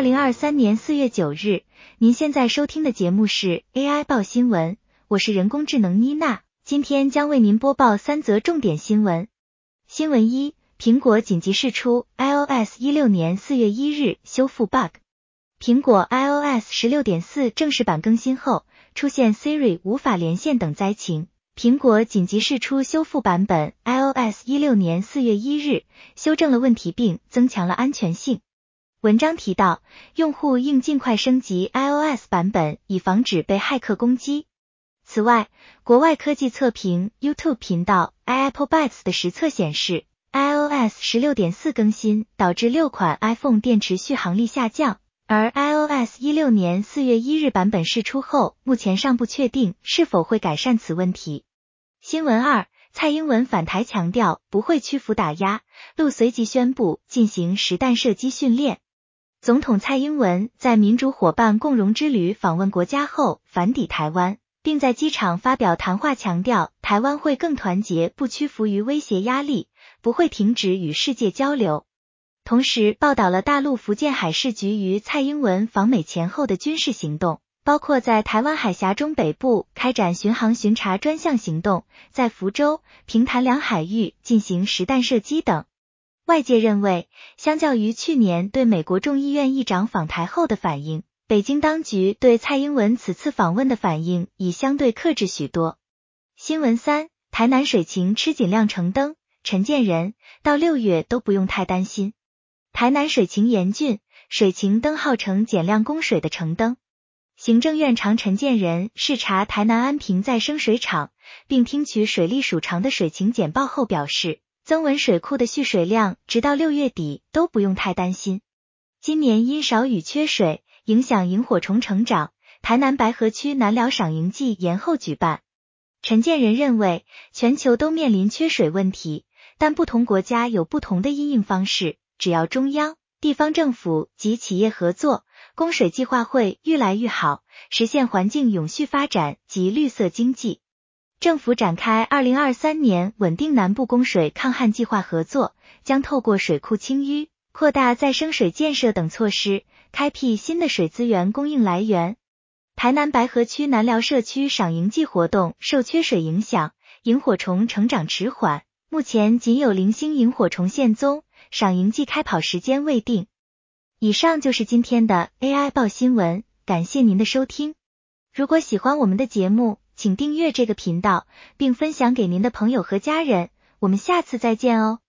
二零二三年四月九日，您現在收聽的節目是 AI 報新聞，我是人工智能妮娜，今天將為您播報三則重點新聞。新聞一，蘋果緊急釋出 iOS 一六年四月一日修復 bug。蘋果 iOS 十六點四正式版更新後，出現 Siri 無法連線等災情，蘋果緊急釋出修復版本 iOS 一六年四月一日，修正了問題並增強了安全性。文章提到，用戶應儘快升級 iOS 版本，以防止被駭客攻擊。此外，國外科技測評 YouTube 頻道 iAppleBytes 的實測顯示，iOS 十六點四更新導致六款 iPhone 電池續航力下降，而 iOS 一六年四月一日版本釋出後，目前尚不確定是否會改善此問題。新聞二：蔡英文返台強調不會屈服打壓，陸隨即宣布進行實彈射擊訓練。總統蔡英文在民主夥伴共榮之旅訪問國家後返抵台灣，並在機場發表談話，強調台灣會更團結，不屈服於威脅壓力，不會停止與世界交流。同時，報道了大陸福建海事局與蔡英文訪美前後的軍事行動，包括在台灣海峽中北部開展巡航巡查專項行動，在福州、平潭兩海域進行實彈射擊等。外界認為，相較於去年對美國眾議院議長訪台後的反應，北京當局對蔡英文此次訪問的反應已相對克制許多。新聞三：台南水情吃緊亮橙燈，陳建仁到六月都不用太擔心。台南水情嚴峻，水情燈號呈減量供水的橙燈。行政院長陳建仁視察台南安平再生水廠，並聽取水利署長的水情簡報後表示。曾文水庫的蓄水量，直到六月底都不用太擔心。今年因少雨缺水，影響螢火蟲成長，台南白河區南寮賞螢季延後舉辦。陳建仁認為，全球都面臨缺水問題，但不同國家有不同的因應方式。只要中央、地方政府及企業合作，供水計劃會越來越好，實現環境永續發展及綠色經濟。政府展開二零二三年穩定南部供水抗旱計劃合作，將透過水庫清淤、擴大再生水建設等措施，開闢新的水資源供應來源。台南白河區南寮社區賞螢季活動受缺水影響，螢火蟲成長遲緩，目前僅有零星螢火蟲現蹤，賞螢季開跑時間未定。以上就是今天的 AI 報新聞，感謝您的收聽。如果喜歡我們的節目，請訂閱這個頻道，並分享給您的朋友和家人。我們下次再見哦。